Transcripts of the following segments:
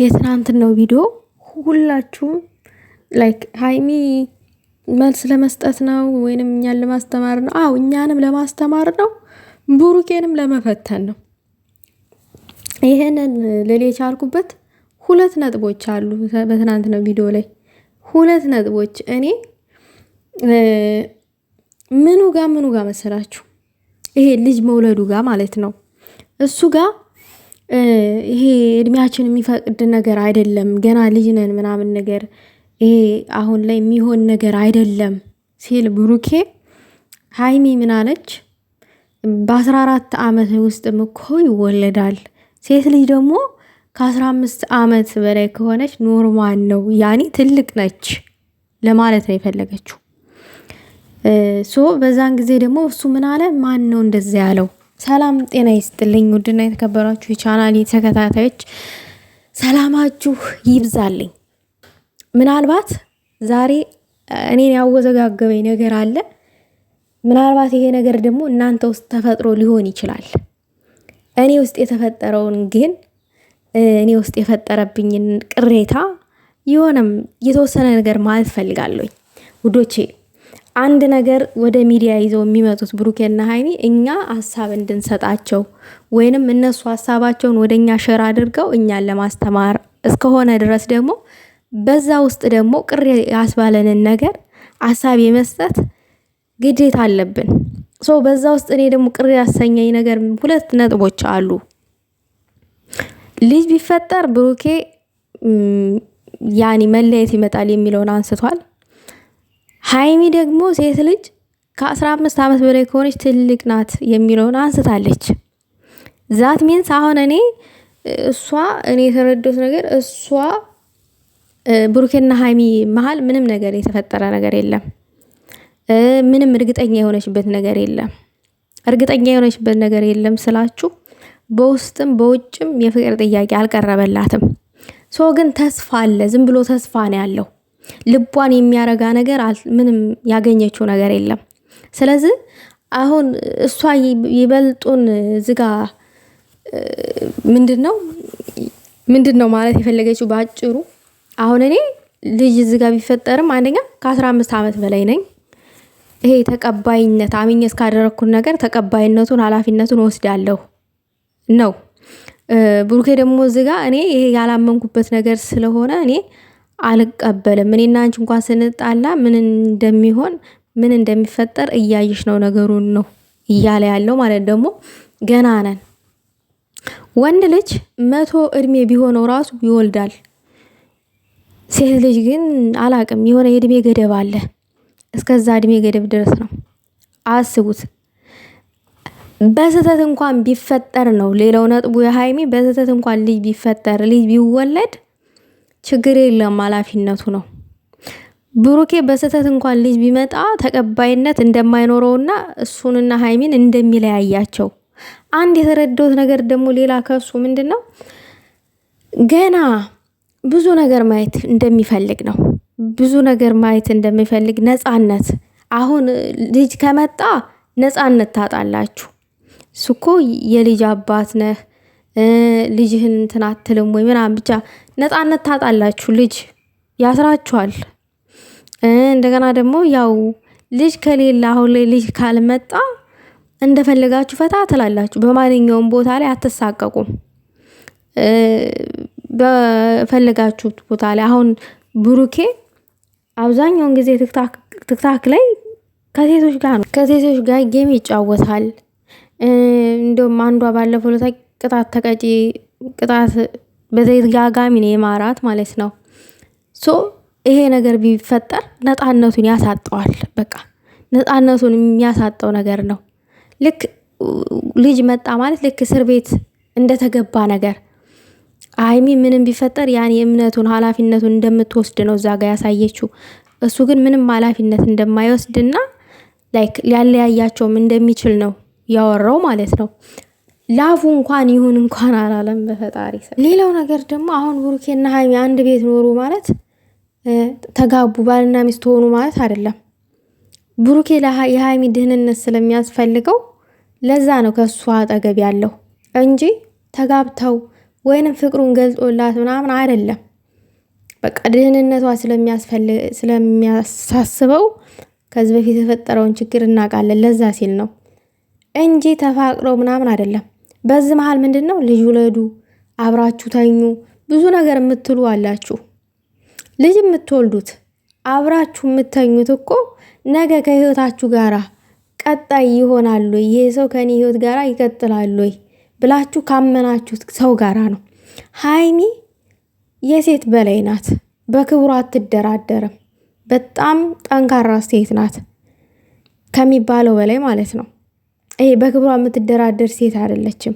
የትናንትናው ቪዲዮ ሁላችሁም ላይክ ሀይሚ መልስ ለመስጠት ነው ወይንም እኛን ለማስተማር ነው? አው እኛንም ለማስተማር ነው፣ ብሩኬንም ለመፈተን ነው። ይሄንን ልል የቻልኩበት ሁለት ነጥቦች አሉ። በትናንትናው ቪዲዮ ላይ ሁለት ነጥቦች እኔ ምኑ ጋር ምኑ ጋር መሰላችሁ? ይሄ ልጅ መውለዱ ጋር ማለት ነው እሱ ጋር ይሄ እድሜያችን የሚፈቅድ ነገር አይደለም። ገና ልጅ ነን ምናምን ነገር ይሄ አሁን ላይ የሚሆን ነገር አይደለም ሲል ብሩኬ ሀይሚ ምን አለች? በአስራ አራት ዓመት ውስጥም እኮ ይወለዳል። ሴት ልጅ ደግሞ ከአስራ አምስት ዓመት በላይ ከሆነች ኖርማል ነው ያኔ ትልቅ ነች ለማለት ነው የፈለገችው። ሶ በዛን ጊዜ ደግሞ እሱ ምን አለ? ማን ነው እንደዚያ ያለው? ሰላም ጤና ይስጥልኝ። ውድና የተከበራችሁ የቻናል ተከታታዮች ሰላማችሁ ይብዛልኝ። ምናልባት ዛሬ እኔን ያወዘጋገበኝ ነገር አለ። ምናልባት ይሄ ነገር ደግሞ እናንተ ውስጥ ተፈጥሮ ሊሆን ይችላል። እኔ ውስጥ የተፈጠረውን ግን እኔ ውስጥ የፈጠረብኝን ቅሬታ የሆነም የተወሰነ ነገር ማለት ፈልጋለኝ ውዶቼ አንድ ነገር ወደ ሚዲያ ይዘው የሚመጡት ብሩኬና ሀይኒ እኛ ሀሳብ እንድንሰጣቸው ወይንም እነሱ ሀሳባቸውን ወደ እኛ ሸር አድርገው እኛን ለማስተማር እስከሆነ ድረስ ደግሞ በዛ ውስጥ ደግሞ ቅር ያስባለንን ነገር ሀሳብ የመስጠት ግዴታ አለብን። ሶ በዛ ውስጥ እኔ ደግሞ ቅር ያሰኘኝ ነገር ሁለት ነጥቦች አሉ። ልጅ ቢፈጠር ብሩኬ ያኒ መለየት ይመጣል የሚለውን አንስቷል። ሀይሚ ደግሞ ሴት ልጅ ከአስራ አምስት ዓመት በላይ ከሆነች ትልቅ ናት የሚለውን አንስታለች። ዛት ሚንስ አሁን እኔ እሷ እኔ የተረዶት ነገር እሷ ብሩኬና ሀይሚ መሀል ምንም ነገር የተፈጠረ ነገር የለም። ምንም እርግጠኛ የሆነችበት ነገር የለም። እርግጠኛ የሆነችበት ነገር የለም ስላችሁ በውስጥም በውጭም የፍቅር ጥያቄ አልቀረበላትም። ሰው ግን ተስፋ አለ። ዝም ብሎ ተስፋ ነው ያለው። ልቧን የሚያረጋ ነገር ምንም ያገኘችው ነገር የለም። ስለዚህ አሁን እሷ ይበልጡን ዝጋ ምንድን ነው ምንድን ነው ማለት የፈለገችው በአጭሩ አሁን እኔ ልጅ ዝጋ ቢፈጠርም አንደኛ ከአስራ አምስት ዓመት በላይ ነኝ። ይሄ ተቀባይነት አምኜ እስካደረግኩት ነገር ተቀባይነቱን ኃላፊነቱን ወስዳለሁ ነው። ብሩኬ ደግሞ ዝጋ እኔ ይሄ ያላመንኩበት ነገር ስለሆነ እኔ አልቀበልም። እኔና አንቺ እንኳን ስንጣላ ምን እንደሚሆን ምን እንደሚፈጠር እያየሽ ነው ነገሩን ነው እያለ ያለው ማለት ደግሞ ገና ነን። ወንድ ልጅ መቶ እድሜ ቢሆነው ራሱ ይወልዳል። ሴት ልጅ ግን አላቅም የሆነ የእድሜ ገደብ አለ። እስከዛ እድሜ ገደብ ድረስ ነው። አስቡት። በስህተት እንኳን ቢፈጠር ነው ሌላው ነጥቡ የሀይሚ በስህተት እንኳን ልጅ ቢፈጠር ልጅ ቢወለድ ችግር የለም ኃላፊነቱ ነው። ብሩኬ በስህተት እንኳን ልጅ ቢመጣ ተቀባይነት እንደማይኖረውና እሱንና ሀይሚን እንደሚለያያቸው አንድ የተረዳሁት ነገር ደግሞ ሌላ ከሱ ምንድን ነው ገና ብዙ ነገር ማየት እንደሚፈልግ ነው። ብዙ ነገር ማየት እንደሚፈልግ ነፃነት። አሁን ልጅ ከመጣ ነፃነት ታጣላችሁ። እሱ እኮ የልጅ አባት ነህ ልጅህን እንትን አትልም ወይ ምናምን ብቻ ነፃነት ታጣላችሁ። ልጅ ያስራችኋል። እንደገና ደግሞ ያው ልጅ ከሌለ አሁን ላይ ልጅ ካልመጣ እንደፈለጋችሁ ፈታ ትላላችሁ። በማንኛውም ቦታ ላይ አትሳቀቁም። በፈለጋችሁት ቦታ ላይ አሁን ብሩኬ አብዛኛውን ጊዜ ትክታክ ላይ ከሴቶች ጋር ነው ከሴቶች ጋር ጌም ይጫወታል። እንደውም አንዷ ባለፈው ቅጣት ተቀጪ ቅጣት በተደጋጋሚ ነው የማራት ማለት ነው። ሶ ይሄ ነገር ቢፈጠር ነፃነቱን ያሳጠዋል። በቃ ነፃነቱን የሚያሳጠው ነገር ነው። ልክ ልጅ መጣ ማለት ልክ እስር ቤት እንደተገባ ነገር አይሚ ምንም ቢፈጠር ያን የእምነቱን ኃላፊነቱን እንደምትወስድ ነው እዛ ጋር ያሳየችው። እሱ ግን ምንም ኃላፊነት እንደማይወስድና ላይክ ሊያለያያቸውም እንደሚችል ነው ያወራው ማለት ነው። ላፉ እንኳን ይሁን እንኳን አላለም በፈጣሪ ሰው። ሌላው ነገር ደግሞ አሁን ብሩኬና ሀይሚ አንድ ቤት ኖሩ ማለት ተጋቡ ባልና ሚስት ሆኑ ማለት አይደለም። ብሩኬ የሀይሚ ድህንነት ስለሚያስፈልገው ለዛ ነው ከእሱ አጠገብ ያለው እንጂ ተጋብተው ወይንም ፍቅሩን ገልጦላት ምናምን አይደለም። በቃ ድህንነቷ ስለሚያሳስበው ከዚህ በፊት የተፈጠረውን ችግር እናውቃለን። ለዛ ሲል ነው እንጂ ተፋቅረው ምናምን አይደለም። በዚህ መሃል ምንድን ነው ልጅ ውለዱ፣ አብራችሁ ተኙ፣ ብዙ ነገር የምትሉ አላችሁ። ልጅ የምትወልዱት አብራችሁ የምተኙት እኮ ነገ ከህይወታችሁ ጋራ ቀጣይ ይሆናሉ። ይሄ ሰው ከኔ ህይወት ጋራ ይቀጥላሉ ብላችሁ ካመናችሁት ሰው ጋራ ነው። ሀይሚ የሴት በላይ ናት። በክብሩ አትደራደርም። በጣም ጠንካራ ሴት ናት ከሚባለው በላይ ማለት ነው። ይሄ በክብሯ የምትደራደር ሴት አይደለችም።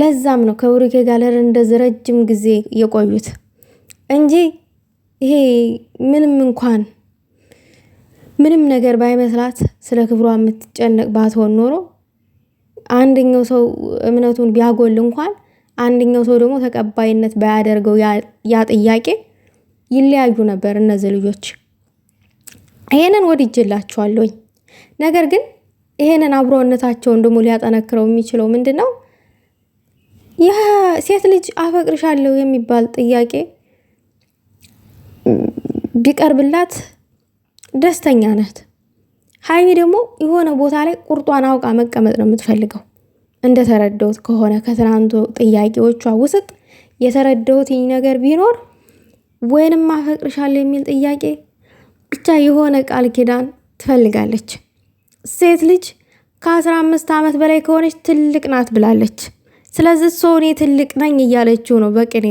ለዛም ነው ከብሩኬ ጋር እንደዚህ ረጅም ጊዜ የቆዩት እንጂ ይሄ ምንም እንኳን ምንም ነገር ባይመስላት ስለ ክብሯ የምትጨነቅ ባትሆን ኖሮ አንደኛው ሰው እምነቱን ቢያጎል እንኳን አንደኛው ሰው ደግሞ ተቀባይነት ባያደርገው ያ ጥያቄ ይለያዩ ነበር እነዚህ ልጆች። ይሄንን ወድጄላችኋለሁኝ። ነገር ግን ይሄንን አብሮነታቸውን ደግሞ ሊያጠነክረው የሚችለው ምንድን ነው? ሴት ልጅ አፈቅርሻለሁ የሚባል ጥያቄ ቢቀርብላት ደስተኛ ናት። ሀይሚ ደግሞ የሆነ ቦታ ላይ ቁርጧን አውቃ መቀመጥ ነው የምትፈልገው። እንደተረዳሁት ከሆነ ከትናንቱ ጥያቄዎቿ ውስጥ የተረዳሁት ነገር ቢኖር ወይንም አፈቅርሻለሁ የሚል ጥያቄ ብቻ የሆነ ቃል ኪዳን ትፈልጋለች። ሴት ልጅ ከአስራ አምስት ዓመት በላይ ከሆነች ትልቅ ናት ብላለች። ስለዚህ ሰው እኔ ትልቅ ነኝ እያለችው ነው በቅኔ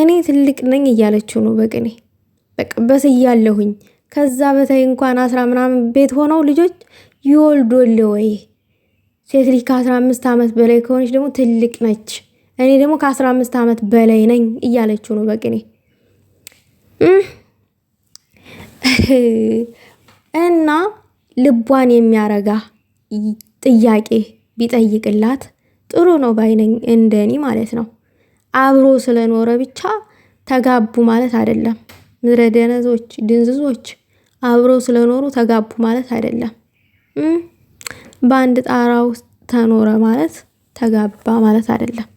እኔ ትልቅ ነኝ እያለችው ነው በቅኔ በቅበስ እያለሁኝ ከዛ በታይ እንኳን አስራ ምናምን ቤት ሆነው ልጆች ይወልዶል ወይ? ሴት ልጅ ከአስራ አምስት ዓመት በላይ ከሆነች ደግሞ ትልቅ ነች። እኔ ደግሞ ከአስራ አምስት ዓመት በላይ ነኝ እያለችው ነው በቅኔ እና ልቧን የሚያረጋ ጥያቄ ቢጠይቅላት ጥሩ ነው ባይነኝ፣ እንደኔ ማለት ነው። አብሮ ስለኖረ ብቻ ተጋቡ ማለት አይደለም። ምድረ ደነዞች፣ ድንዝዞች አብሮ ስለኖሩ ተጋቡ ማለት አይደለም። በአንድ ጣራ ውስጥ ተኖረ ማለት ተጋባ ማለት አይደለም።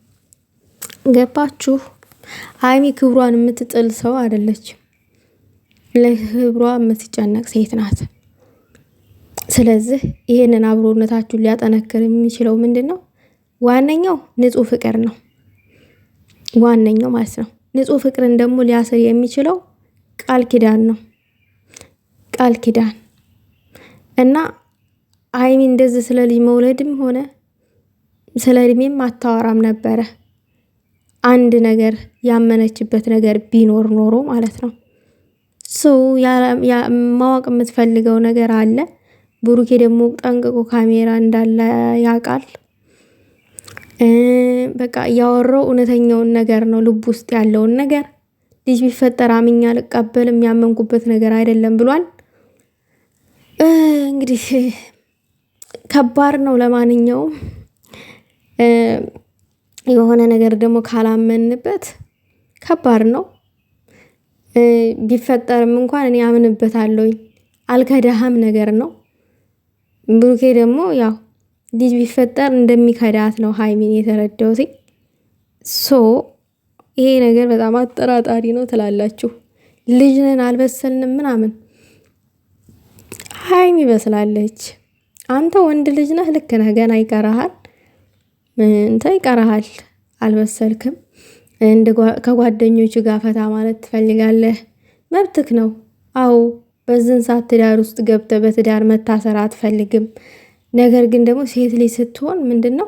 ገባችሁ? ሀይሚ ክብሯን የምትጥል ሰው አይደለች ለክብሯ የምትጨነቅ ሴት ናት። ስለዚህ ይህንን አብሮነታችሁ ሊያጠነክር የሚችለው ምንድን ነው? ዋነኛው ንጹህ ፍቅር ነው። ዋነኛው ማለት ነው። ንጹህ ፍቅርን ደግሞ ሊያስር የሚችለው ቃል ኪዳን ነው። ቃል ኪዳን እና ሀይሚ እንደዚህ ስለ ልጅ መውለድም ሆነ ስለ እድሜም አታወራም ነበረ። አንድ ነገር ያመነችበት ነገር ቢኖር ኖሮ ማለት ነው። ማወቅ የምትፈልገው ነገር አለ። ብሩኬ ደግሞ ጠንቅቆ ካሜራ እንዳለ ያውቃል። በቃ እያወራው እውነተኛውን ነገር ነው፣ ልብ ውስጥ ያለውን ነገር። ልጅ ቢፈጠር አምኜ አልቀበልም ያመንኩበት ነገር አይደለም ብሏል። እንግዲህ ከባድ ነው። ለማንኛውም የሆነ ነገር ደግሞ ካላመንበት ከባድ ነው። ቢፈጠርም እንኳን እኔ አምንበታለሁኝ አልከዳህም ነገር ነው። ብሩኬ ደግሞ ያው ልጅ ቢፈጠር እንደሚከዳት ነው ሀይሚን የተረዳውት ሶ ይሄ ነገር በጣም አጠራጣሪ ነው ትላላችሁ። ልጅ ነን አልበሰልንም ምናምን ሀይሚ በስላለች። አንተ ወንድ ልጅ ነህ፣ ልክ ነህ፣ ገና ይቀረሃል፣ እንተ ይቀረሃል፣ አልበሰልክም። ከጓደኞቹ ጋር ፈታ ማለት ትፈልጋለህ፣ መብትክ ነው። አዎ በዝን ሰዓት ትዳር ውስጥ ገብተ በትዳር መታሰር አትፈልግም። ነገር ግን ደግሞ ሴት ልጅ ስትሆን ምንድን ነው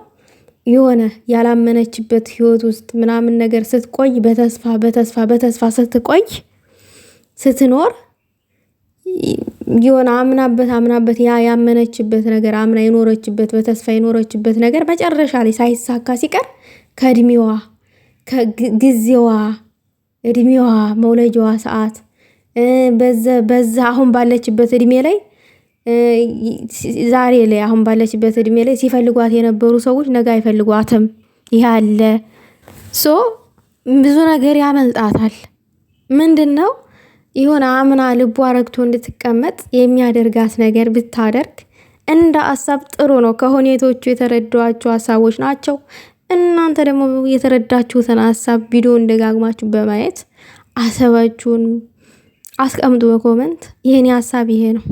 የሆነ ያላመነችበት ህይወት ውስጥ ምናምን ነገር ስትቆይ በተስፋ በተስፋ በተስፋ ስትቆይ ስትኖር የሆነ አምናበት አምናበት ያ ያመነችበት ነገር አምና የኖረችበት በተስፋ የኖረችበት ነገር መጨረሻ ላይ ሳይሳካ ሲቀር ከእድሜዋ ከጊዜዋ እድሜዋ መውለጃዋ ሰዓት በዛ አሁን ባለችበት እድሜ ላይ ዛሬ ላይ አሁን ባለችበት እድሜ ላይ ሲፈልጓት የነበሩ ሰዎች ነገ አይፈልጓትም። ይህ አለ ሶ ብዙ ነገር ያመልጣታል። ምንድን ነው ይሆን አምና ልቧ ረግቶ እንድትቀመጥ የሚያደርጋት ነገር ብታደርግ እንደ ሀሳብ ጥሩ ነው። ከሁኔቶቹ የተረዷቸው ሀሳቦች ናቸው። እናንተ ደግሞ የተረዳችሁትን ሀሳብ ቪዲዮ እንደጋግማችሁ በማየት አሰባችሁን አስቀምጡ በኮመንት። ይህኔ ሀሳብ ይሄ ነው።